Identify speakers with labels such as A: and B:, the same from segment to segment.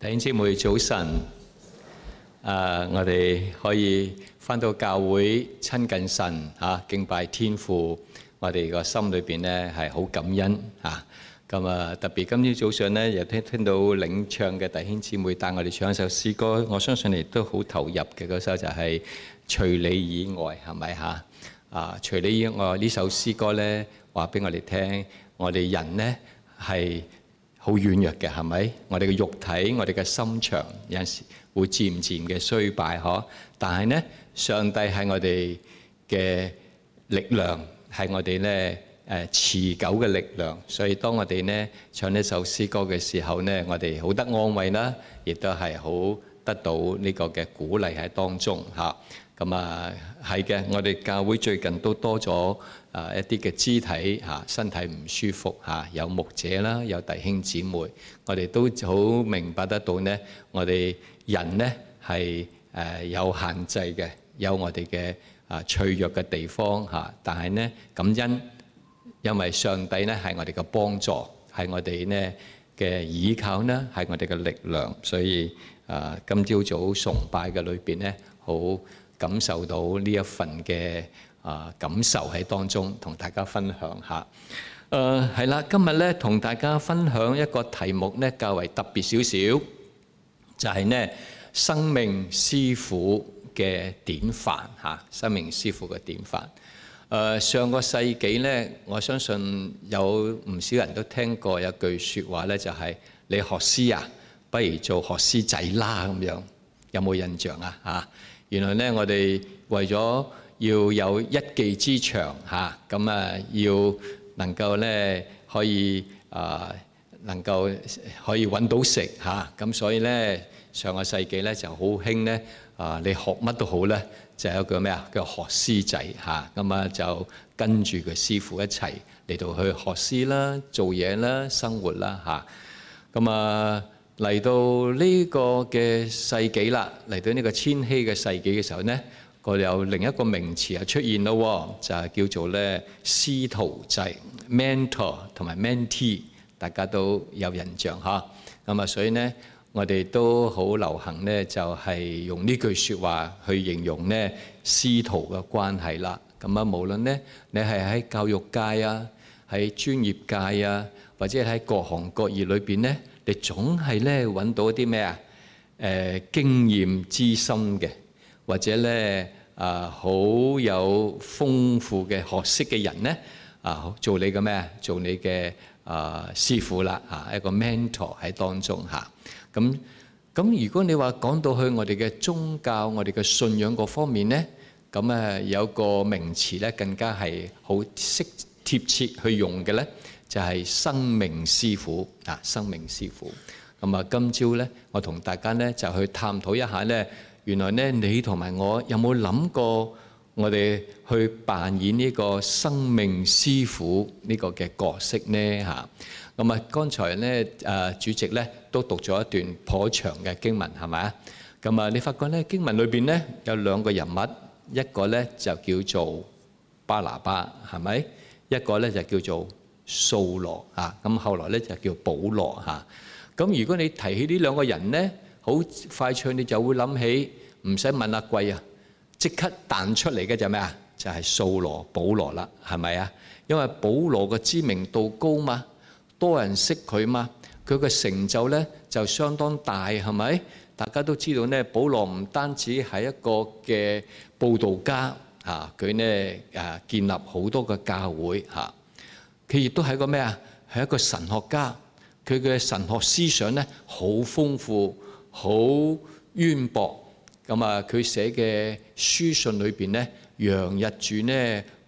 A: 弟兄姊妹早晨，啊，我哋可以翻到教會親近神嚇，敬拜天父，我哋個心裏邊咧係好感恩嚇。咁啊，特別今朝早上咧，又聽聽到領唱嘅弟兄姊妹帶我哋唱一首詩歌，我相信你都好投入嘅。嗰首就係《除你以外》，係咪嚇？啊，《除你以外》呢首詩歌咧，話俾我哋聽，我哋人咧係，好軟弱嘅係咪？我哋嘅肉體，我哋嘅心腸有陣時會漸漸嘅衰敗呵。但係呢，上帝係我哋嘅力量，係我哋呢誒持久嘅力量。所以當我哋呢唱呢首詩歌嘅時候呢，我哋好得安慰啦，亦都係好得到呢個嘅鼓勵喺當中嚇。咁啊，係嘅，我哋教會最近都多咗。啊！一啲嘅肢體嚇身體唔舒服嚇，有牧者啦，有弟兄姊妹，我哋都好明白得到咧。我哋人咧係誒有限制嘅，有我哋嘅啊脆弱嘅地方嚇。但係咧感恩，因為上帝咧係我哋嘅幫助，係我哋咧嘅倚靠咧，係我哋嘅力量。所以啊，今朝早崇拜嘅裏邊咧，好感受到呢一份嘅。啊！感受喺當中，同大家分享下。誒，係啦，今日咧同大家分享一個題目咧較為特別少少，就係咧生命師傅嘅典範嚇，生命師傅嘅典範。誒，上個世紀咧，我相信有唔少人都聽過有句説話咧，就係你學師啊，不如做學師仔啦咁樣。有冇印象啊？嚇！原來咧，我哋為咗要有一技之長嚇，咁啊要能夠咧可以啊能夠可以揾到食嚇，咁所以咧上個世紀咧就好興咧啊！你學乜都好咧，就係一個咩啊？叫學師仔嚇，咁啊就跟住佢師傅一齊嚟到去學師啦、做嘢啦、生活啦嚇。咁啊嚟到呢個嘅世紀啦，嚟到呢個千禧嘅世紀嘅時候咧。個有另一個名詞啊出現咯，就係叫做咧師徒制 （mentor） 同埋 mentee，大家都有印象吓。咁啊，所以咧我哋都好流行咧，就係用呢句説話去形容咧師徒嘅關係啦。咁啊，無論咧你係喺教育界啊，喺專業界啊，或者喺各行各業裏邊咧，你總係咧搵到啲咩啊？誒經驗資深嘅。或者咧啊，好有豐富嘅學識嘅人咧啊，做你嘅咩？做你嘅啊師傅啦嚇，一個 mentor 喺當中嚇。咁咁，如果你話講到去我哋嘅宗教、我哋嘅信仰各方面咧，咁啊有個名詞咧更加係好識貼切去用嘅咧，就係生命師傅啊，生命師傅。咁啊，今朝咧我同大家咧就去探討一下咧。原來咧，你同埋我有冇諗過我哋去扮演呢個生命師傅呢個嘅角色咧？嚇，咁啊，剛才咧誒主席咧都讀咗一段頗長嘅經文，係咪啊？咁啊，你發覺咧經文裏邊咧有兩個人物，一個咧就叫做巴拿巴，係咪？一個咧就叫做掃羅啊，咁後來咧就叫保羅嚇。咁如果你提起呢兩個人咧？好快脆，你就會諗起唔使問阿貴啊，即刻彈出嚟嘅就係咩啊？就係掃羅、保羅啦，係咪啊？因為保羅嘅知名度高嘛，多人識佢嘛，佢嘅成就咧就相當大，係咪？大家都知道咧，保羅唔單止係一個嘅佈道家嚇，佢咧誒建立好多嘅教會嚇，佢亦都係個咩啊？係一個神學家，佢嘅神學思想咧好豐富。好淵博咁啊！佢寫嘅書信裏邊呢，楊日柱呢，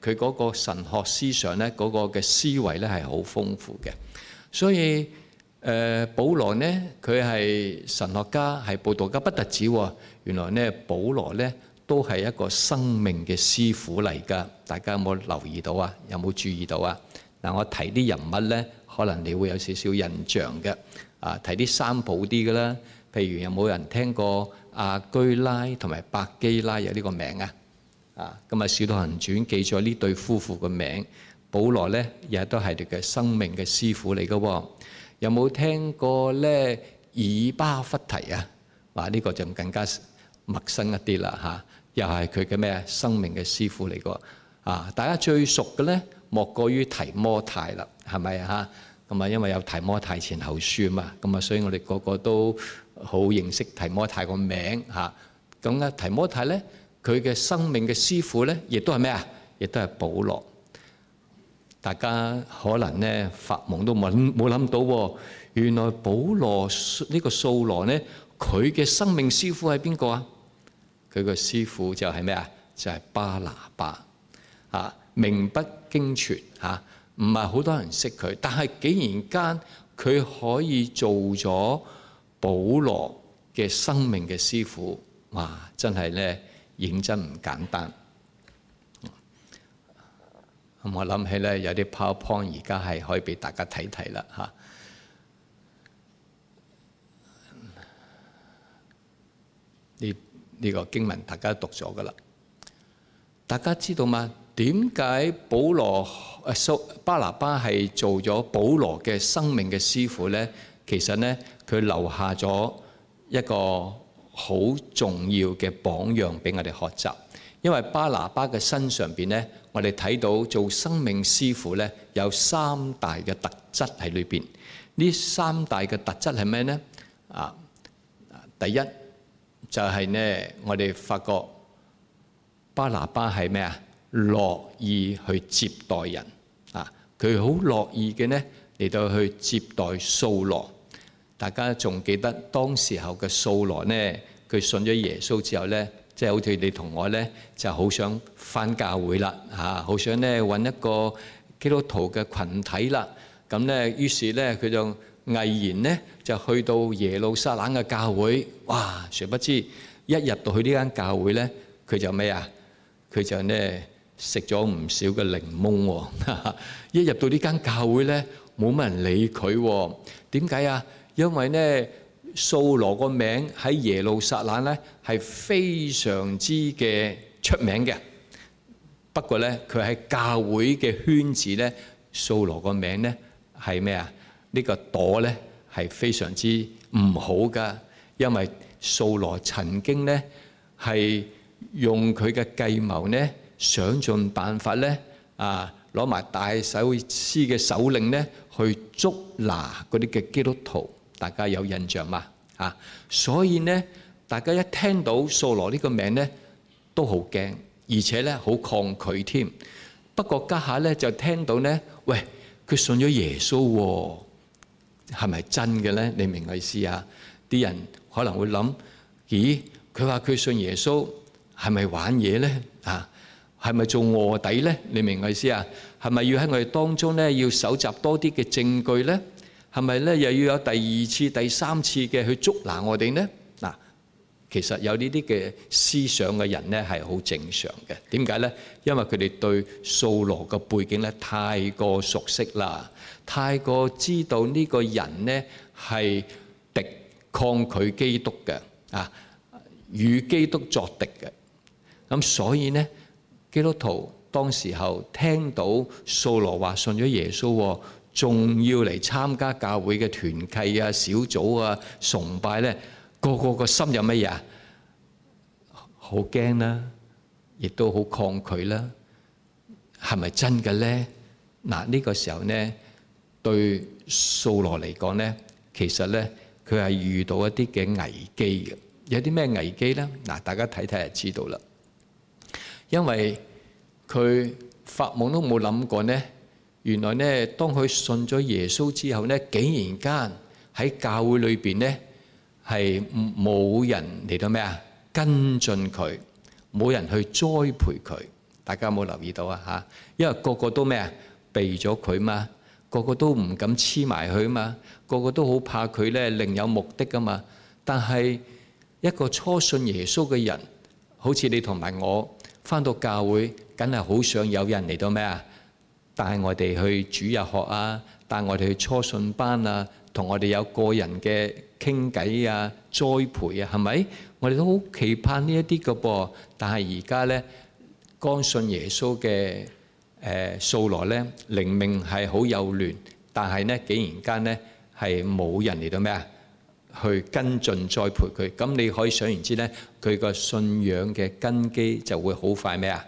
A: 佢嗰個神學思想呢，嗰、嗰個嘅思維呢，係好豐富嘅。所以誒，保、呃、羅呢，佢係神學家，係布道家，不特止、哦。原來呢，保羅呢，都係一個生命嘅師傅嚟㗎。大家有冇留意到啊？有冇注意到啊？嗱，我提啲人物呢，可能你會有少少印象嘅啊。提啲三保啲嘅啦。譬如有冇人聽過亞居拉同埋百基拉有呢個名字啊？啊，咁啊《使徒行傳》記咗呢對夫婦嘅名。保羅咧，亦都係佢嘅生命嘅師傅嚟噶。有冇聽過咧？以巴弗提啊，哇！呢個就更加陌生一啲啦吓，又係佢嘅咩生命嘅師傅嚟㗎啊？大家最熟嘅咧，莫過於提摩太啦，係咪吓，咁啊，因為有提摩太前後書嘛，咁啊，所以我哋個個都好認識提摩太個名嚇，咁咧提摩太咧佢嘅生命嘅師傅咧，亦都係咩啊？亦都係保羅。大家可能咧發夢都冇冇諗到，原來保羅，個素羅呢個掃羅咧，佢嘅生命師傅係邊個啊？佢個師傅就係咩啊？就係、是、巴拿巴嚇，名不經傳嚇，唔係好多人識佢，但係竟然間佢可以做咗。保羅嘅生命嘅師傅，哇！真係咧認真唔簡單。咁我諗起咧有啲 PowerPoint 而家係可以俾大家睇睇啦，吓。呢呢個經文大家讀咗噶啦，大家知道嗎？點解保羅誒蘇巴拿巴係做咗保羅嘅生命嘅師傅咧？其實呢，佢留下咗一個好重要嘅榜樣俾我哋學習，因為巴拿巴嘅身上邊呢，我哋睇到做生命師傅呢，有三大嘅特質喺裏邊。呢三大嘅特質係咩呢？啊，第一就係、是、呢，我哋發覺巴拿巴係咩啊？樂意去接待人啊，佢好樂意嘅呢，嚟到去接待掃羅。大家仲記得當時候嘅掃羅呢，佢信咗耶穌之後呢，即係好似你同我呢，就好想返教會啦，嚇，好想呢揾一個基督徒嘅羣體啦。咁呢，於是呢佢就毅然呢就去到耶路撒冷嘅教會。哇！誰不知一入到去呢間教會呢，佢就咩啊？佢就呢食咗唔少嘅檸檬喎。一入到呢間教會呢，冇乜人理佢喎。點解啊？因為呢，掃羅個名喺耶路撒冷咧係非常之嘅出名嘅。不過咧，佢喺教會嘅圈子咧，掃羅個名咧係咩啊？呢個朵咧係非常之唔好噶，因為掃羅曾經咧係用佢嘅計謀咧，想盡辦法咧啊攞埋大祭司嘅手令咧去捉拿嗰啲嘅基督徒。大家有印象嗎？啊，所以呢，大家一聽到掃羅呢個名呢，都好驚，而且呢，好抗拒添。不過家下呢就聽到呢，喂，佢信咗耶穌喎，係咪真嘅呢？你明我意思啊？啲人可能會諗，咦，佢話佢信耶穌，係咪玩嘢呢？啊，係咪做卧底呢？你明我意思啊？係咪要喺我哋當中呢，要搜集多啲嘅證據呢？係咪咧？是是，又要有第二次、第三次嘅去捉拿我哋呢？嗱，其實有呢啲嘅思想嘅人咧，係好正常嘅。點解呢？因為佢哋對掃羅嘅背景咧太過熟悉啦，太過知道呢個人呢係敵抗拒基督嘅啊，與基督作敵嘅。咁所以呢，基督徒當時候聽到掃羅話信咗耶穌。仲要嚟參加教會嘅團契啊、小組啊、崇拜咧，個個個心有乜嘢啊？好驚啦，亦都好抗拒啦。係咪真嘅咧？嗱，呢個時候咧，對掃羅嚟講咧，其實咧佢係遇到一啲嘅危機嘅。有啲咩危機咧？嗱，大家睇睇就知道啦。因為佢發夢都冇諗過咧。原來呢，當佢信咗耶穌之後呢，竟然間喺教會裏邊呢係冇人嚟到咩啊？跟進佢，冇人去栽培佢。大家有冇留意到啊？嚇，因為個個都咩啊？避咗佢嘛，個個都唔敢黐埋佢嘛，個個都好怕佢呢，另有目的㗎嘛。但係一個初信耶穌嘅人，好似你同埋我，返到教會，梗係好想有人嚟到咩啊？帶我哋去主日學啊，帶我哋去初信班啊，同我哋有個人嘅傾偈啊，栽培啊，係咪？我哋都好期盼呢一啲嘅噃。但係而家咧，剛信耶穌嘅誒素來咧，靈、呃、命係好幼嫩，但係咧，竟然間咧係冇人嚟到咩啊，去跟進栽培佢。咁你可以想而知咧，佢個信仰嘅根基就會好快咩啊？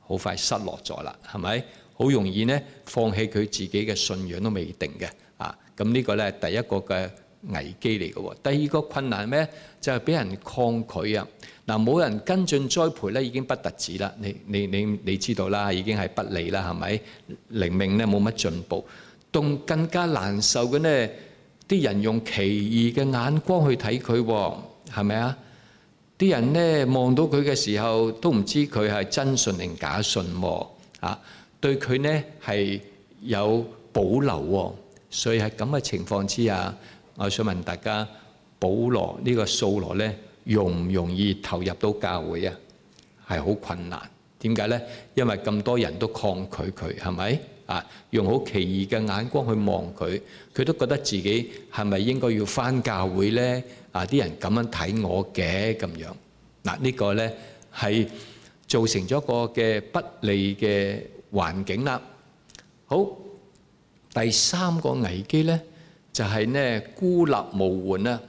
A: 好快失落咗啦，係咪？好容易呢，放棄佢自己嘅信仰都未定嘅啊！咁呢個呢，第一個嘅危機嚟嘅。第二個困難咩？就係、是、俾人抗拒啊！嗱，冇人跟進栽培呢已經不特止啦。你你你你知道啦，已經係不利啦，係咪靈命呢冇乜進步？仲更加難受嘅呢。啲人用奇異嘅眼光去睇佢，係咪啊？啲人呢，望到佢嘅時候，都唔知佢係真信定假信喎，對佢呢係有保留，所以喺咁嘅情況之下，我想問大家：保羅呢個掃羅呢容唔容易投入到教會啊？係好困難。點解呢？因為咁多人都抗拒佢，係咪啊？用好奇異嘅眼光去望佢，佢都覺得自己係咪應該要返教會呢？啊！啲人咁樣睇我嘅咁樣。嗱，呢個呢係造成咗個嘅不利嘅。環境啦，好，第三個危機咧，就係咧孤立無援啦。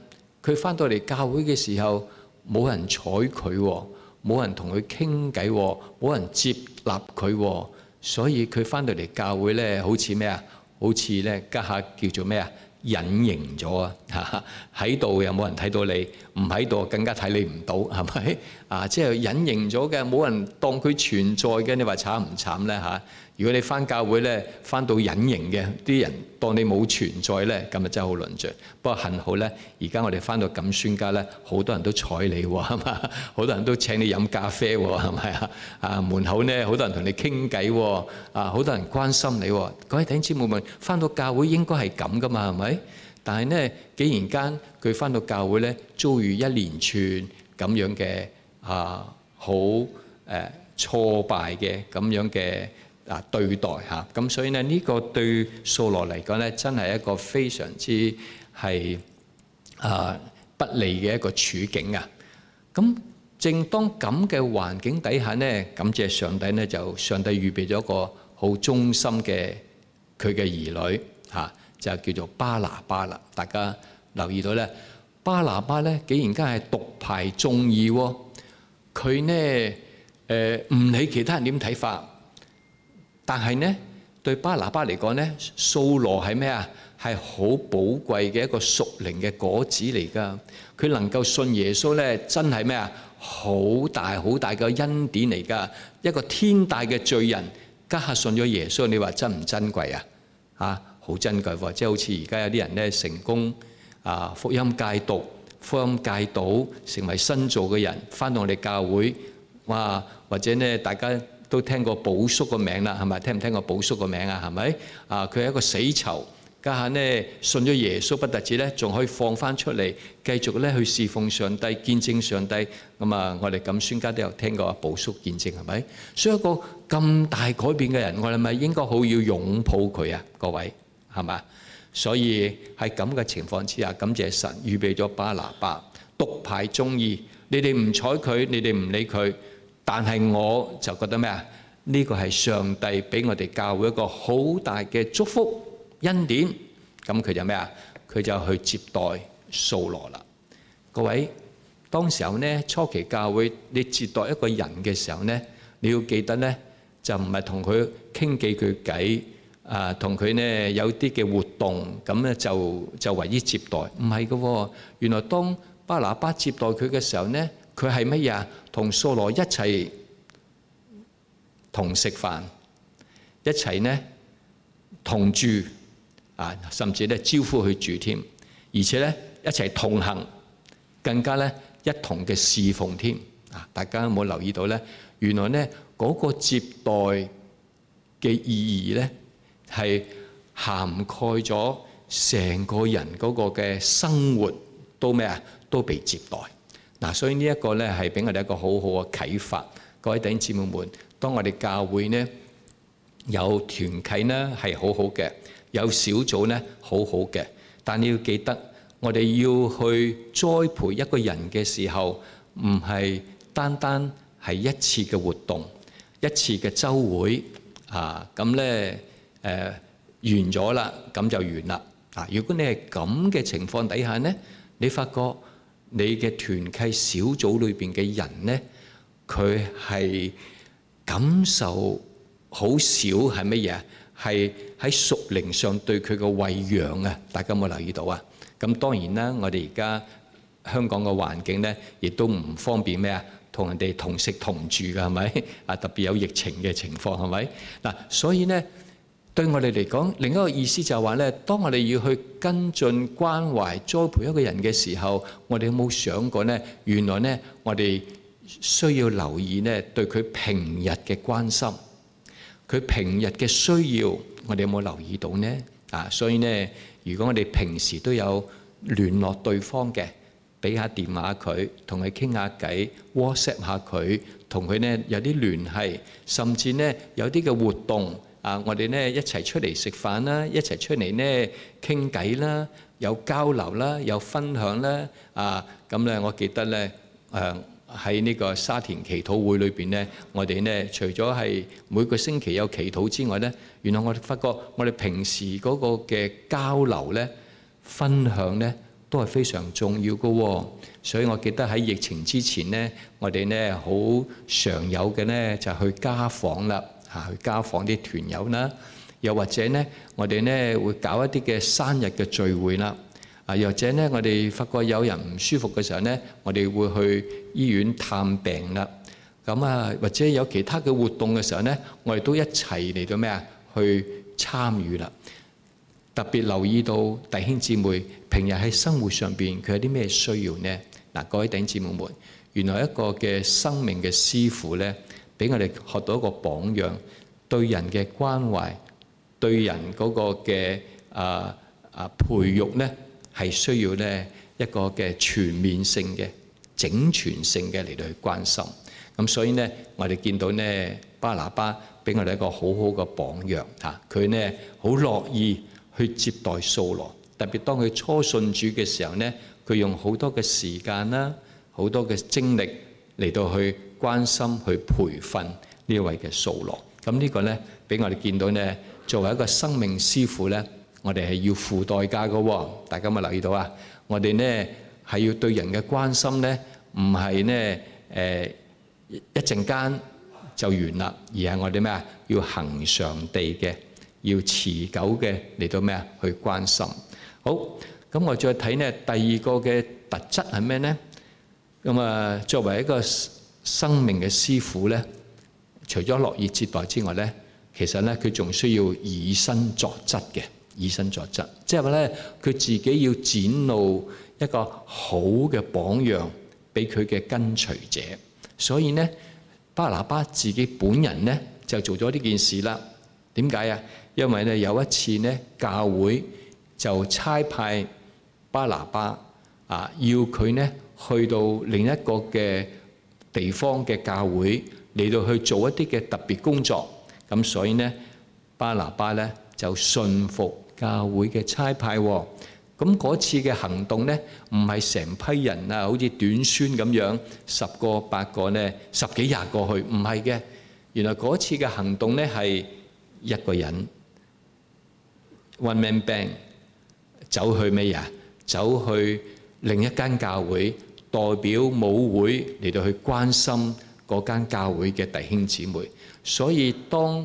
A: 佢翻到嚟教會嘅時候，冇人睬佢，冇人同佢傾偈，冇人接納佢，所以佢翻到嚟教會咧，好似咩啊？好似咧家下叫做咩啊？隱形咗啊！喺度又冇人睇到你？唔喺度更加睇你唔到，係咪？啊，即係隱形咗嘅，冇人當佢存在嘅，你話慘唔慘咧吓？如果你翻教會咧，翻到隱形嘅啲人當你冇存在咧，咁啊真係好論盡。不過幸好咧，而家我哋翻到咁宣家咧，好多人都睬你喎，係嘛？好多人都請你飲咖啡喎，係咪啊？啊門口咧，好多人同你傾偈，啊好多人關心你。各位弟兄姐妹，問，翻到教會應該係咁㗎嘛？係咪？但係咧，幾然間佢翻到教會咧，遭遇一連串咁樣嘅啊好誒、呃、挫敗嘅咁樣嘅。啊，對待嚇咁，所以咧呢個對掃羅嚟講咧，真係一個非常之係啊不利嘅一個處境啊。咁，正當咁嘅環境底下咧，感謝上帝咧，就上帝預備咗一個好忠心嘅佢嘅兒女嚇，就叫做巴拿巴啦。大家留意到咧，巴拿巴咧，竟然家係獨排眾意喎。佢呢，誒、呃、唔理其他人點睇法。但係咧，對巴拿巴嚟講咧，掃羅係咩啊？係好寶貴嘅一個屬靈嘅果子嚟噶。佢能夠信耶穌咧，真係咩啊？好大好大嘅恩典嚟噶。一個天大嘅罪人，家下信咗耶穌，你話珍唔珍貴啊？嚇，好珍貴喎！即係好似而家有啲人咧，成功啊福音戒毒、福音戒賭，成為新造嘅人，返到我哋教會，哇！或者咧，大家，都聽過保叔個名啦，係咪？聽唔聽過保叔個名啊？係咪？啊，佢係一個死囚，家下呢信咗耶穌不得止呢，仲可以放翻出嚟，繼續呢去侍奉上帝、見證上帝。咁啊，我哋咁宣教都有聽過保叔見證係咪？所以一個咁大改變嘅人，我哋咪應該好要擁抱佢啊！各位係咪？所以喺咁嘅情況之下，感謝神預備咗巴拿巴，獨排中意你哋唔睬佢，你哋唔理佢。但係我就覺得咩啊？呢個係上帝俾我哋教會一個好大嘅祝福恩典。咁佢就咩啊？佢就去接待掃羅啦。各位當時候咧，初期教會你接待一個人嘅時候咧，你要記得咧，就唔係同佢傾幾句偈啊，同佢咧有啲嘅活動咁咧就就唯一接待。唔係嘅喎，原來當巴拿巴接待佢嘅時候咧。佢係乜嘢啊？同掃羅一齊同食飯，一齊呢同住啊，甚至呢招呼佢住添，而且呢一齊同行，更加呢一同嘅侍奉添啊！大家有冇留意到呢？原來呢嗰個接待嘅意義呢，係涵蓋咗成個人嗰個嘅生活，都咩啊？都被接待。嗱，所以呢一個呢係俾我哋一個好好嘅啟發，各位弟兄姊妹們，當我哋教會呢有團契呢係好好嘅，有小組呢好好嘅，但你要記得，我哋要去栽培一個人嘅時候，唔係單單係一次嘅活動，一次嘅週會啊，咁呢誒完咗啦，咁就完啦啊！如果你係咁嘅情況底下呢，你發覺。.你嘅團契小組裏邊嘅人呢，佢係感受好少係乜嘢？係喺熟齡上對佢嘅餵養啊！大家有冇留意到啊？咁當然啦，我哋而家香港嘅環境呢，亦都唔方便咩啊？同人哋同食同住㗎係咪啊？特別有疫情嘅情況係咪？嗱，所以呢，對我哋嚟講，另一個意思就係話呢，當我哋要去跟進關懷栽培一個人嘅時候，我哋有冇想過呢？原來呢，我哋需要留意呢對佢平日嘅關心，佢平日嘅需要，我哋有冇留意到呢？啊，所以呢，如果我哋平時都有聯絡對方嘅，俾下電話佢，同佢傾下偈，WhatsApp 下佢，同佢呢有啲聯繫，甚至呢有啲嘅活動。啊！我哋咧一齊出嚟食飯啦，一齊出嚟咧傾偈啦，有交流啦，有分享啦。啊，咁咧我記得咧，誒喺呢個沙田祈禱會裏邊咧，我哋咧除咗係每個星期有祈禱之外咧，原來我哋發覺我哋平時嗰個嘅交流咧、分享咧，都係非常重要㗎。所以我記得喺疫情之前咧，我哋咧好常有嘅咧就去家訪啦。啊，去家訪啲團友啦，又或者呢，我哋呢會搞一啲嘅生日嘅聚會啦。啊，又或者呢，我哋發覺有人唔舒服嘅時候呢，我哋會去醫院探病啦。咁啊，或者有其他嘅活動嘅時候呢，我哋都一齊嚟到咩啊？去參與啦。特別留意到弟兄姊妹平日喺生活上邊佢有啲咩需要呢？嗱，各位弟兄姊妹，原來一個嘅生命嘅師傅呢。俾我哋學到一個榜樣，對人嘅關懷，對人嗰個嘅啊啊培育呢，係需要呢一個嘅全面性嘅整全性嘅嚟到去關心。咁所以呢，我哋見到呢巴拿巴俾我哋一個好好嘅榜樣嚇，佢呢好樂意去接待掃羅，特別當佢初信主嘅時候呢，佢用好多嘅時間啦，好多嘅精力嚟到去。關心去培訓呢位嘅掃羅，咁呢個呢，俾我哋見到呢，作為一個生命師傅呢，我哋係要付代價㗎喎。大家咪留意到啊，我哋呢係要對人嘅關心呢，唔係呢誒一陣間就完啦，而係我哋咩啊？要恆常地嘅，要持久嘅嚟到咩啊？去關心。好，咁我再睇呢第二個嘅特質係咩呢？咁啊，作為一個。生命嘅師傅呢，除咗樂意接待之外呢，其實呢，佢仲需要以身作則嘅，以身作則，即係話呢，佢自己要展露一個好嘅榜樣畀佢嘅跟隨者。所以呢，巴拿巴自己本人呢，就做咗呢件事啦。點解啊？因為呢，有一次呢，教會就差派巴拿巴啊，要佢呢去到另一個嘅。地方嘅教會嚟到去做一啲嘅特別工作，咁所以呢，巴拿巴呢就信服教會嘅差派，咁嗰次嘅行動呢唔係成批人啊，好似短宣咁樣十個八個呢，十幾廿過去，唔係嘅，原來嗰次嘅行動呢係一個人，one man band 走去咩呀？走去另一間教會。代表母會嚟到去關心嗰間教會嘅弟兄姊妹，所以當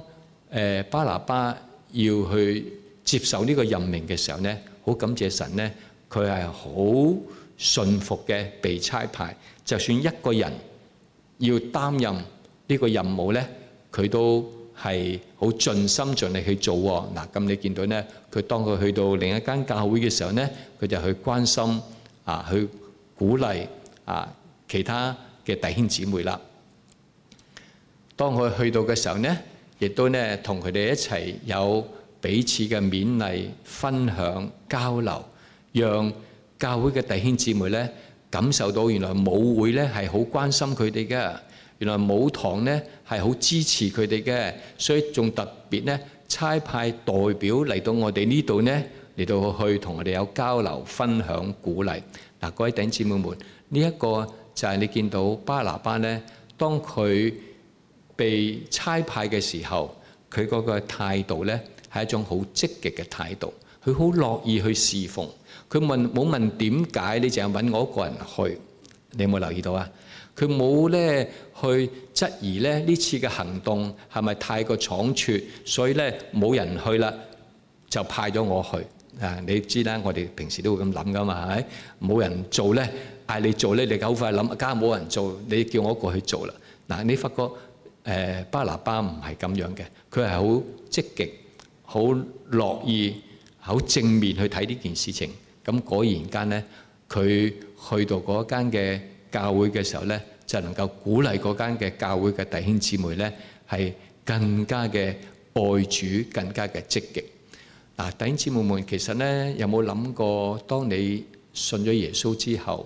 A: 誒巴拿巴要去接受呢個任命嘅時候咧，好感謝神咧，佢係好順服嘅被差派，就算一個人要擔任呢個任務咧，佢都係好盡心盡力去做。嗱，咁你見到咧，佢當佢去到另一間教會嘅時候咧，佢就去關心啊，去。鼓勵啊，其他嘅弟兄姊妹啦。當佢去到嘅時候呢，亦都呢同佢哋一齊有彼此嘅勉勵、分享、交流，讓教會嘅弟兄姊妹呢感受到原來母會呢係好關心佢哋嘅，原來母堂呢係好支持佢哋嘅，所以仲特別呢差派代表嚟到我哋呢度呢嚟到去同我哋有交流、分享、鼓勵。嗱，各位弟兄姊妹們，呢、這、一個就係你見到巴拿巴咧，當佢被差派嘅時候，佢嗰個態度咧係一種好積極嘅態度，佢好樂意去侍奉。佢問冇問點解你淨係揾我一個人去？你有冇留意到啊？佢冇咧去質疑咧呢次嘅行動係咪太過倉促，所以咧冇人去啦，就派咗我去。啊！你知啦，我哋平時都會咁諗噶嘛，係咪冇人做咧？嗌你做咧，你好快諗，家下冇人做，你叫我過去做啦。嗱，你發覺誒巴拿巴唔係咁樣嘅，佢係好積極、好樂意、好正面去睇呢件事情。咁果然間咧，佢去到嗰間嘅教會嘅時候咧，就能夠鼓勵嗰間嘅教會嘅弟兄姊妹咧，係更加嘅愛主、更加嘅積極。嗱，弟兄姊妹們，其實咧，有冇諗過，當你信咗耶穌之後，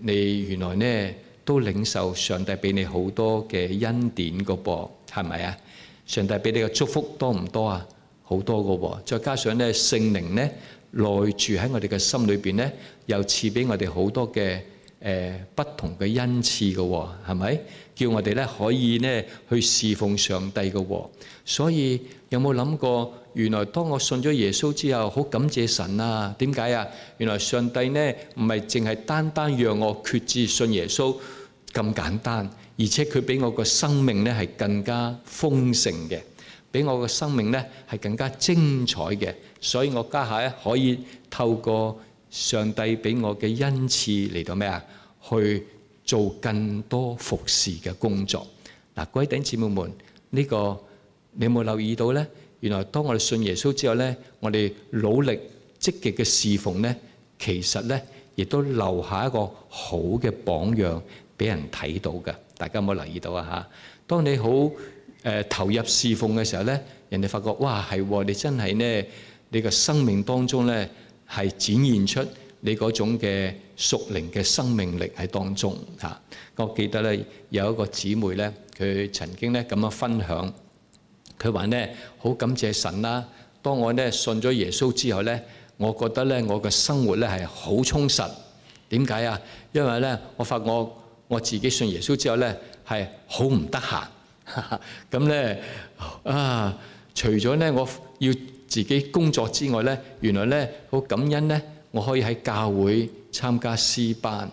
A: 你原來咧都領受上帝俾你好多嘅恩典個噃，係咪啊？上帝俾你嘅祝福多唔多啊？好多個喎，再加上咧聖靈咧內住喺我哋嘅心裏邊咧，又賜俾我哋好多嘅誒不同嘅恩賜個喎，係咪？叫我哋咧可以咧去侍奉上帝個喎，所以有冇諗過？原來當我信咗耶穌之後，好感謝神啊！點解啊？原來上帝呢唔係淨係單單讓我決志信耶穌咁簡單，而且佢俾我個生命呢係更加豐盛嘅，俾我個生命呢係更加精彩嘅，所以我家下呢可以透過上帝俾我嘅恩賜嚟到咩啊？去做更多服侍嘅工作。嗱，各位弟兄姊妹們，呢個你有冇留意到呢？原來當我哋信耶穌之後咧，我哋努力積極嘅侍奉咧，其實咧亦都留下一個好嘅榜樣俾人睇到嘅。大家有冇留意到啊？嚇！當你好誒投入侍奉嘅時候咧，人哋發覺哇係喎，你真係咧，你嘅生命當中咧係展現出你嗰種嘅屬靈嘅生命力喺當中嚇。我記得咧有一個姊妹咧，佢曾經咧咁樣分享。佢話呢，好感謝神啦！當我呢信咗耶穌之後呢，我覺得呢我嘅生活呢係好充實。點解啊？因為呢我發覺我我自己信耶穌之後呢係好唔得閒。咁、嗯、呢，啊，除咗呢我要自己工作之外呢，原來呢好感恩呢，我可以喺教會參加詩班，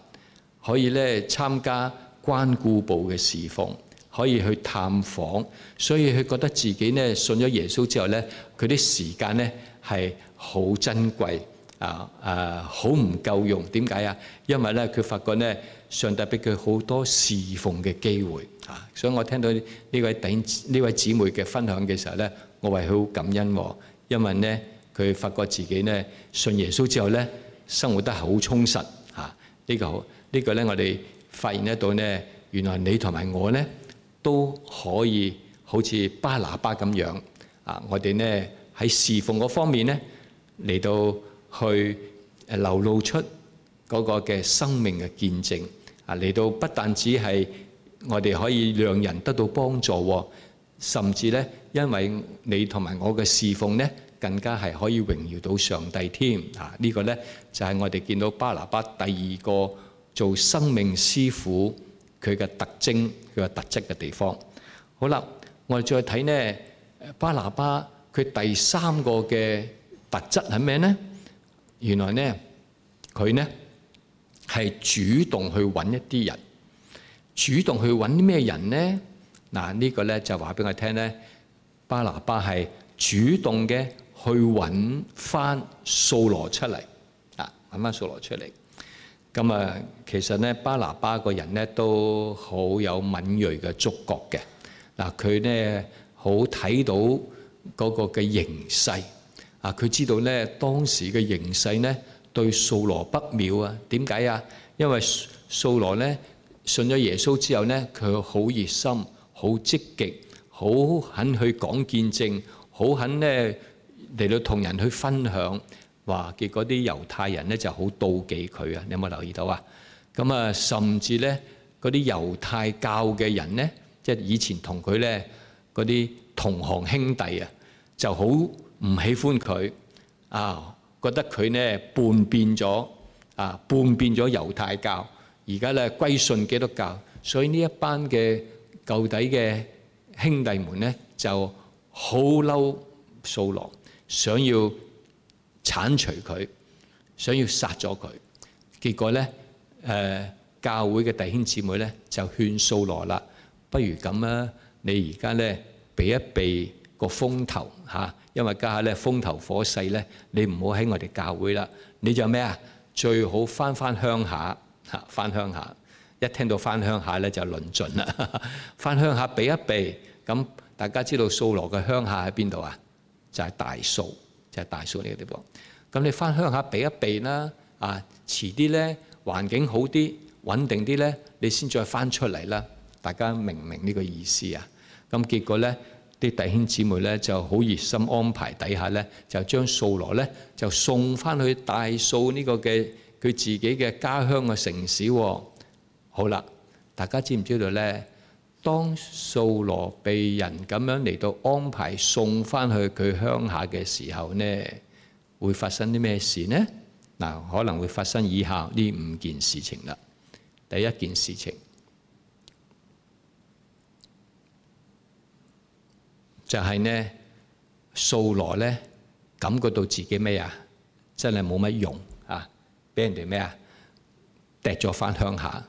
A: 可以呢參加關顧部嘅侍奉。可以去探訪，所以佢覺得自己呢信咗耶穌之後呢，佢啲時間呢係好珍貴啊！啊，好唔夠用。點解啊？因為呢佢發覺呢，上帝俾佢好多侍奉嘅機會啊！所以我聽到呢位頂呢位姊妹嘅分享嘅時候呢，我為佢好感恩，因為呢佢發覺自己呢信耶穌之後呢，生活得好充實啊！呢個好呢個呢，我哋發現得到呢，原來你同埋我呢。都可以好似巴拿巴咁樣啊！我哋呢喺侍奉嗰方面呢，嚟到去流露出嗰個嘅生命嘅見證啊！嚟到不但只係我哋可以讓人得到幫助，甚至呢，因為你同埋我嘅侍奉呢，更加係可以榮耀到上帝添啊！呢個呢，就係我哋見到巴拿巴第二個做生命師傅。佢嘅特徵，佢嘅特質嘅地方，好啦，我哋再睇呢，巴拿巴佢第三個嘅特質係咩呢？原來呢，佢呢，係主動去揾一啲人，主動去揾啲咩人呢？嗱、這、呢個呢，就話俾我聽呢，巴拿巴係主動嘅去揾翻掃羅出嚟啊，揾翻掃羅出嚟。咁啊，其實咧，巴拿巴個人咧都好有敏鋭嘅觸覺嘅。嗱，佢咧好睇到嗰個嘅形勢。啊，佢知道咧當時嘅形勢咧對掃羅不妙啊。點解啊？因為掃羅咧信咗耶穌之後咧，佢好熱心、好積極、好肯去講見證、好肯咧嚟到同人去分享。哇，結果啲猶太人咧就好妒忌佢啊！你有冇留意到啊？咁啊，甚至咧嗰啲猶太教嘅人咧，即係以前同佢咧嗰啲同行兄弟啊，就好唔喜歡佢啊，覺得佢咧叛變咗啊，叛變咗猶太教，而家咧歸信基督教，所以呢一班嘅舊底嘅兄弟們咧就好嬲數落，想要。剷除佢，想要殺咗佢。結果咧，誒教會嘅弟兄姊妹咧就勸掃羅啦，不如咁啊，你而家咧避一避個風頭嚇，因為家下咧風頭火勢咧，你唔好喺我哋教會啦，你就咩啊？最好翻翻鄉下嚇，翻鄉下，一聽到翻鄉下咧就論盡啦，翻鄉下避一避，咁大家知道掃羅嘅鄉下喺邊度啊？就係大數。就係大數呢個地方，咁你翻鄉下避一避啦，啊，遲啲呢環境好啲、穩定啲呢，你先再翻出嚟啦。大家明唔明呢個意思啊？咁結果呢啲弟兄姊妹呢就好熱心安排底下呢，就將掃羅呢就送翻去大數呢個嘅佢自己嘅家鄉嘅城市，哦。好啦，大家知唔知道呢？當掃羅被人咁樣嚟到安排送翻去佢鄉下嘅時候呢，會發生啲咩事呢？嗱，可能會發生以下呢五件事情啦。第一件事情就係呢，掃羅咧感覺到自己咩啊，真係冇乜用啊，俾人哋咩啊，掟咗翻鄉下。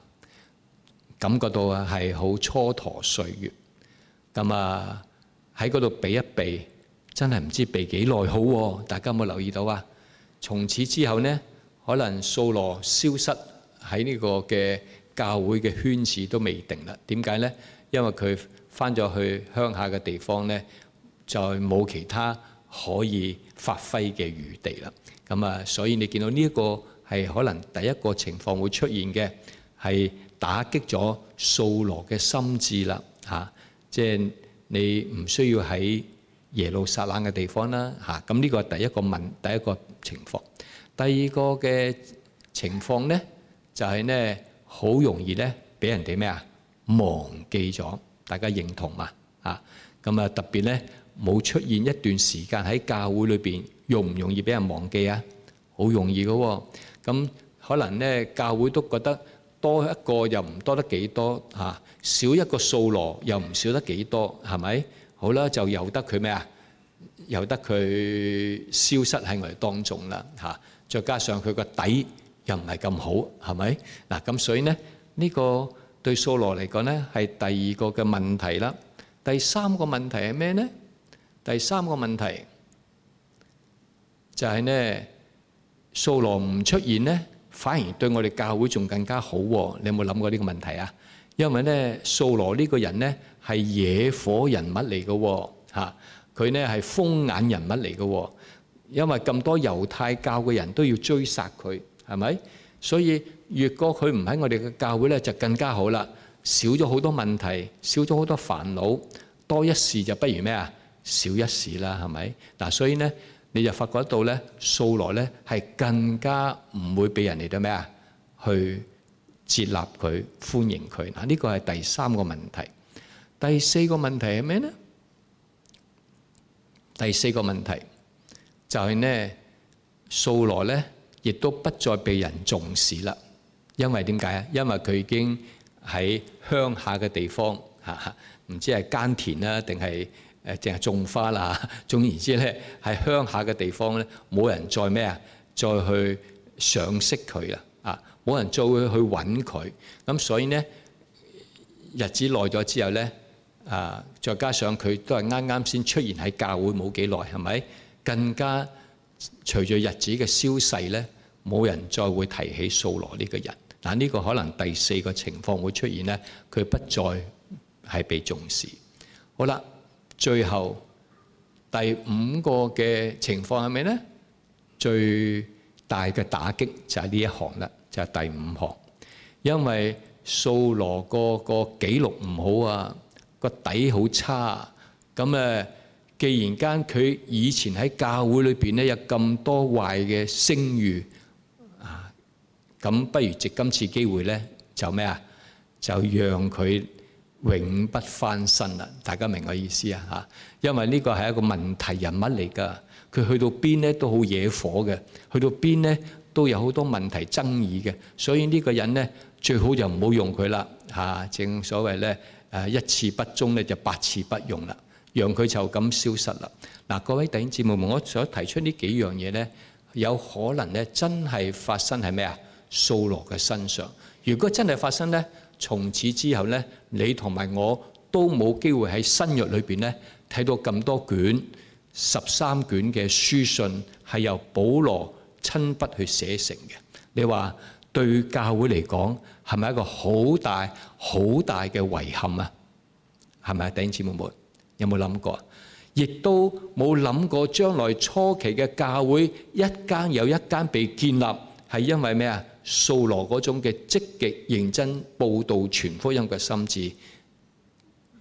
A: 感覺到啊，係好蹉跎歲月。咁啊，喺嗰度避一避，真係唔知避幾耐好喎！大家有冇留意到啊？從此之後呢，可能掃羅消失喺呢個嘅教會嘅圈子都未定啦。點解呢？因為佢返咗去鄉下嘅地方呢，就冇其他可以發揮嘅餘地啦。咁啊，所以你見到呢一個係可能第一個情況會出現嘅係。打擊咗掃羅嘅心智啦，嚇！即係你唔需要喺耶路撒冷嘅地方啦，嚇！咁呢個係第一個問，第一個情況。第二個嘅情況咧，就係咧好容易咧俾人哋咩啊忘記咗，大家認同嗎？嚇！咁啊，特別咧冇出現一段時間喺教會裏邊，容唔容易俾人忘記啊？好容易嘅喎，咁可能咧教會都覺得。多一個又唔多得幾多嚇，少一個掃羅又唔少得幾多，係咪？好啦，就由得佢咩啊？由得佢消失喺我哋當中啦嚇。再加上佢個底又唔係咁好，係咪？嗱咁所以呢，呢個對掃羅嚟講呢係第二個嘅問題啦。第三個問題係咩呢？第三個問題就係呢，掃羅唔出現呢，反而對我哋教會仲更加好，你有冇諗過呢個問題啊？因為咧，掃羅呢個人咧係惹火人物嚟嘅吓，佢咧係風眼人物嚟嘅，因為咁多猶太教嘅人都要追殺佢，係咪？所以，如果佢唔喺我哋嘅教會咧，就更加好啦，少咗好多問題，少咗好多煩惱，多一事就不如咩啊？少一事啦，係咪？嗱，所以咧。你就發覺得到咧，掃羅咧係更加唔會俾人哋到咩啊？去接納佢、歡迎佢。嗱，呢個係第三個問題。第四個問題係咩咧？第四個問題就係呢，掃羅咧亦都不再被人重視啦。因為點解啊？因為佢已經喺鄉下嘅地方，嚇唔知係耕田啦定係。誒，淨係種花啦。總言之咧，喺鄉下嘅地方咧，冇人再咩啊，再去賞識佢啊，啊，冇人再會去揾佢。咁所以咧，日子耐咗之後咧，啊，再加上佢都係啱啱先出現喺教會冇幾耐，係咪？更加隨住日子嘅消逝咧，冇人再會提起掃羅呢個人。嗱，呢個可能第四個情況會出現咧，佢不再係被重視。好啦。最後第五個嘅情況係咪咧？最大嘅打擊就係呢一行啦，就係、是、第五行，因為掃羅個個記錄唔好啊，個底好差、啊，咁誒、啊，既然間佢以前喺教會裏邊咧，有咁多壞嘅聲譽啊，咁不如藉今次機會咧，就咩啊？就讓佢。永不翻身啦！大家明我意思啊吓，因為呢個係一個問題人物嚟噶，佢去到邊咧都好惹火嘅，去到邊咧都有好多問題爭議嘅，所以呢個人咧最好就唔好用佢啦吓，正所謂咧，誒一次不忠咧就百次不用啦，讓佢就咁消失啦。嗱，各位弟兄姐妹們，我所提出呢幾樣嘢咧，有可能咧真係發生喺咩啊？掃羅嘅身上，如果真係發生咧？從此之後咧，你同埋我都冇機會喺新約裏邊咧睇到咁多卷十三卷嘅書信係由保羅親筆去寫成嘅。你話對教會嚟講係咪一個好大好大嘅遺憾啊？係咪啊，弟兄姊妹們有冇諗過？亦都冇諗過將來初期嘅教會一間有一間被建立係因為咩啊？掃羅嗰種嘅積極認真報道全福音嘅心智，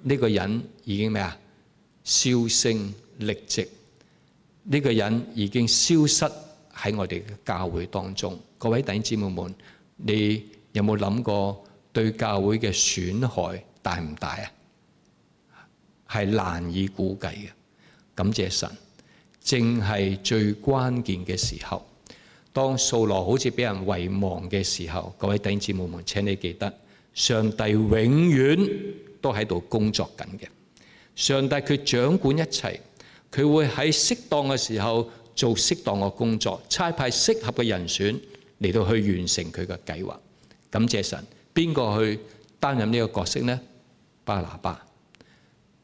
A: 呢個人已經咩啊銷聲匿跡，呢個人已經消失喺我哋嘅教會當中。各位弟兄姊妹們，你有冇諗過對教會嘅損害大唔大啊？係難以估計嘅。感謝神，正係最關鍵嘅時候。當掃羅好似俾人遺忘嘅時候，各位弟兄姊妹們，請你記得，上帝永遠都喺度工作緊嘅。上帝佢掌管一切，佢會喺適當嘅時候做適當嘅工作，差派適合嘅人選嚟到去完成佢嘅計劃。感謝神，邊個去擔任呢個角色呢？巴拿巴。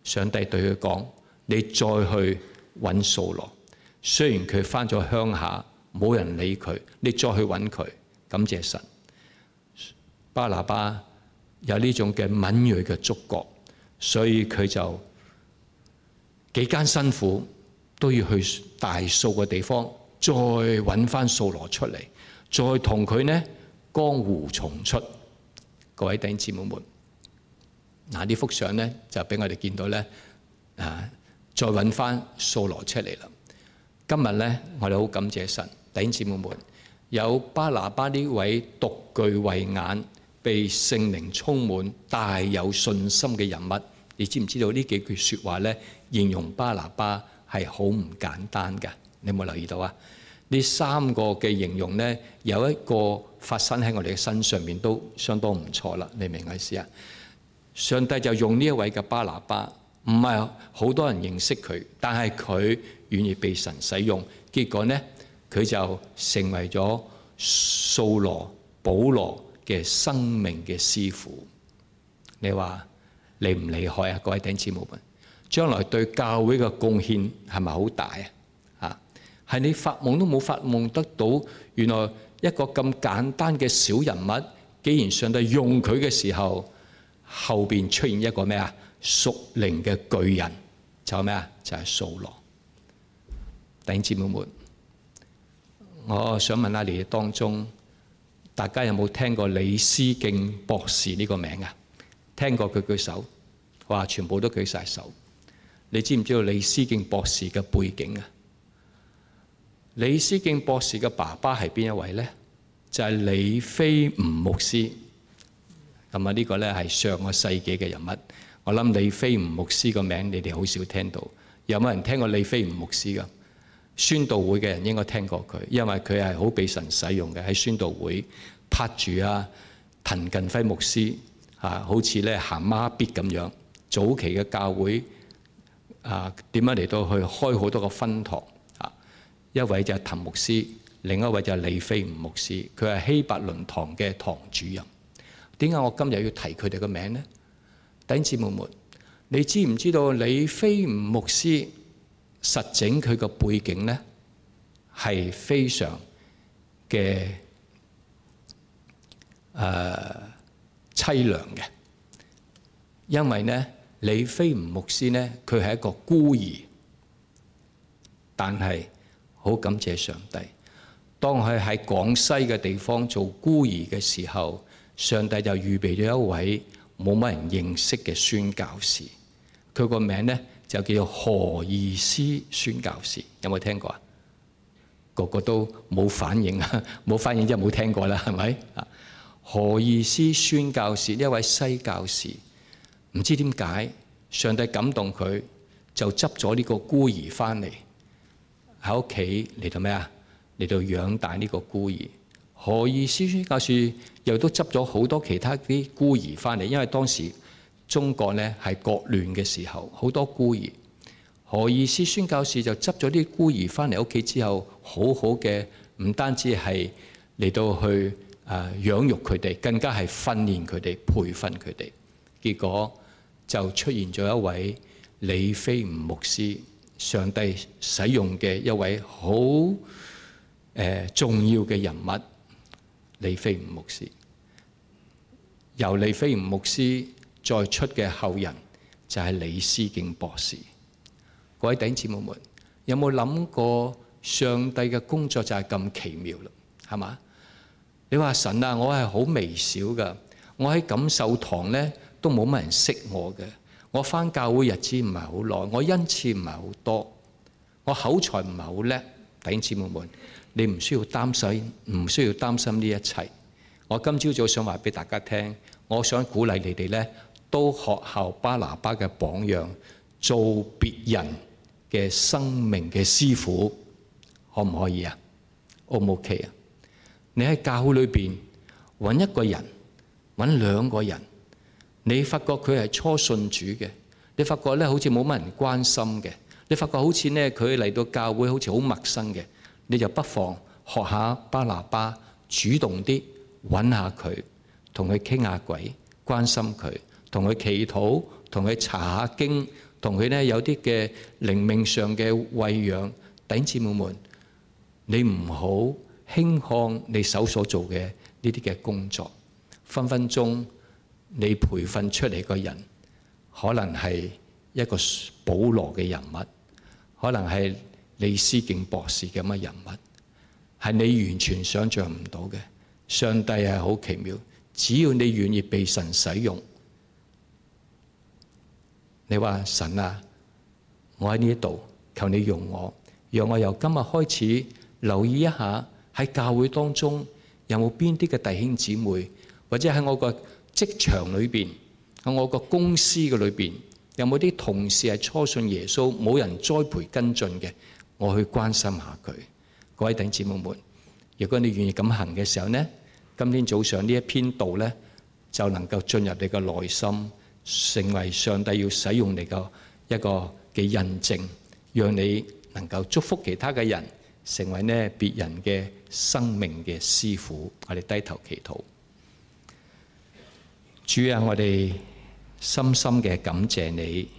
A: 上帝對佢講：「你再去搵掃羅，雖然佢返咗鄉下。」冇人理佢，你再去揾佢，感謝神。巴拿巴有呢種嘅敏鋭嘅觸覺，所以佢就幾艱辛苦都要去大數嘅地方，再揾翻掃羅出嚟，再同佢呢江湖重出。各位弟兄姊妹們，嗱呢幅相咧就俾我哋見到咧啊！再揾翻掃羅出嚟啦。今日咧，我哋好感謝神。弟兄姊妹們，有巴拿巴呢位獨具慧眼、被聖靈充滿、大有信心嘅人物。你知唔知道呢幾句説話呢形容巴拿巴係好唔簡單㗎。你有冇留意到啊？呢三個嘅形容呢，有一個發生喺我哋嘅身上面都相當唔錯啦。你明唔明意思啊？上帝就用呢一位嘅巴拿巴，唔係好多人認識佢，但係佢願意被神使用，結果呢。佢就成為咗掃羅、保羅嘅生命嘅師傅。你話厲唔厲害啊？各位弟兄姊妹們，將來對教會嘅貢獻係咪好大啊？嚇，係你發夢都冇發夢得到，原來一個咁簡單嘅小人物，既然上帝用佢嘅時候，後邊出現一個咩啊？屬靈嘅巨人就係咩啊？就係掃羅，弟兄姊妹們。我想問下你當中，大家有冇有聽過李思敬博士呢個名啊？聽過佢舉手，哇！全部都舉曬手。你知唔知道李思敬博士嘅背景啊？李思敬博士嘅爸爸係邊一位呢？就係、是、李非吳牧師。咁啊，呢個咧係上個世紀嘅人物。我諗李非吳牧師個名，你哋好少聽到。有冇人聽過李非吳牧師㗎？宣道會嘅人應該聽過佢，因為佢係好被神使用嘅，喺宣道會拍住啊，滕近輝牧師啊，好似咧行孖咇咁樣。早期嘅教會啊，點樣嚟到去開好多個分堂啊？一位就係滕牧師，另一位就係李飛吳牧師，佢係希伯倫堂嘅堂主任。點解我今日要提佢哋嘅名呢？弟兄姊妹，妹，你知唔知道李飛吳牧師？實整佢個背景呢，係非常嘅、誒、呃、淒涼嘅。因為呢，李飛吳牧師呢，佢係一個孤兒，但係好感謝上帝。當佢喺廣西嘅地方做孤兒嘅時候，上帝就預備咗一位冇乜人認識嘅宣教士，佢個名呢。就叫做何以斯宣教士，有冇聽過啊？個個都冇反應啊，冇反應即係冇聽過啦，係咪啊？何以斯宣教士呢一位西教士，唔知點解上帝感動佢，就執咗呢個孤兒翻嚟喺屋企嚟到咩啊？嚟到養大呢個孤兒。何以斯宣教士又都執咗好多其他啲孤兒翻嚟，因為當時。中國呢係國亂嘅時候，好多孤兒。何以斯宣教士就執咗啲孤兒翻嚟屋企之後，好好嘅，唔單止係嚟到去誒養育佢哋，更加係訓練佢哋、培訓佢哋。結果就出現咗一位李菲吳牧師，上帝使用嘅一位好誒重要嘅人物，李菲吳牧師。由李菲吳牧師。再出嘅後人就係李思敬博士。各位弟兄姊妹們，有冇諗過上帝嘅工作就係咁奇妙咯？係嘛？你話神啊，我係好微小噶，我喺錦繡堂呢都冇乜人識我嘅，我翻教會日子唔係好耐，我恩賜唔係好多，我口才唔係好叻。弟兄姊妹們，你唔需要擔心，唔需要擔心呢一切。我今朝早上想話俾大家聽，我想鼓勵你哋呢。都學效巴拿巴嘅榜樣，做別人嘅生命嘅師傅，可唔可以啊？O 唔 OK 啊？你喺教會裏邊揾一個人，揾兩個人，你發覺佢係初信主嘅，你發覺咧好似冇乜人關心嘅，你發覺好似呢，佢嚟到教會好似好陌生嘅，你就不妨學下巴拿巴，主動啲揾下佢，同佢傾下偈，關心佢。同佢祈禱，同佢查下經，同佢呢有啲嘅靈命上嘅餵養。弟兄姊妹們，你唔好輕看你手所做嘅呢啲嘅工作。分分鐘你培訓出嚟個人，可能係一個保羅嘅人物，可能係李思敬博士咁嘅人物，係你完全想像唔到嘅。上帝係好奇妙，只要你願意被神使用。你話神啊，我喺呢一度，求你容我，讓我由今日開始留意一下喺教會當中有冇邊啲嘅弟兄姊妹，或者喺我個職場裏邊、喺我個公司嘅裏邊，有冇啲同事係初信耶穌、冇人栽培跟進嘅，我去關心下佢。各位弟兄姊妹們，如果你願意咁行嘅時候呢，今天早上呢一篇道呢，就能夠進入你嘅內心。成為上帝要使用你嘅一個嘅印證，讓你能夠祝福其他嘅人，成為呢別人嘅生命嘅師傅。我哋低頭祈禱，主啊，我哋深深嘅感謝你，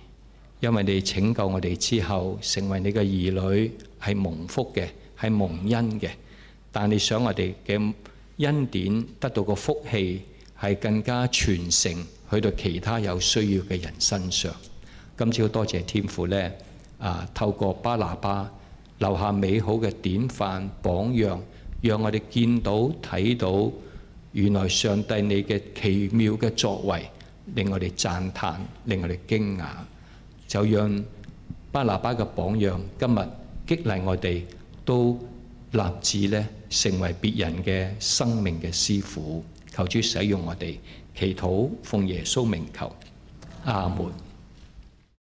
A: 因為你拯救我哋之後，成為你嘅兒女係蒙福嘅，係蒙恩嘅。但你想我哋嘅恩典得到個福氣係更加傳承。去到其他有需要嘅人身上。今朝多謝天父咧，啊，透過巴拿巴留下美好嘅典範榜樣，讓我哋見到睇到原來上帝你嘅奇妙嘅作為，令我哋讚歎，令我哋驚訝。就讓巴拿巴嘅榜樣今日激勵我哋，都立志咧成為別人嘅生命嘅師傅。求主使用我哋。祈禱奉耶穌名求，阿門們。阿門。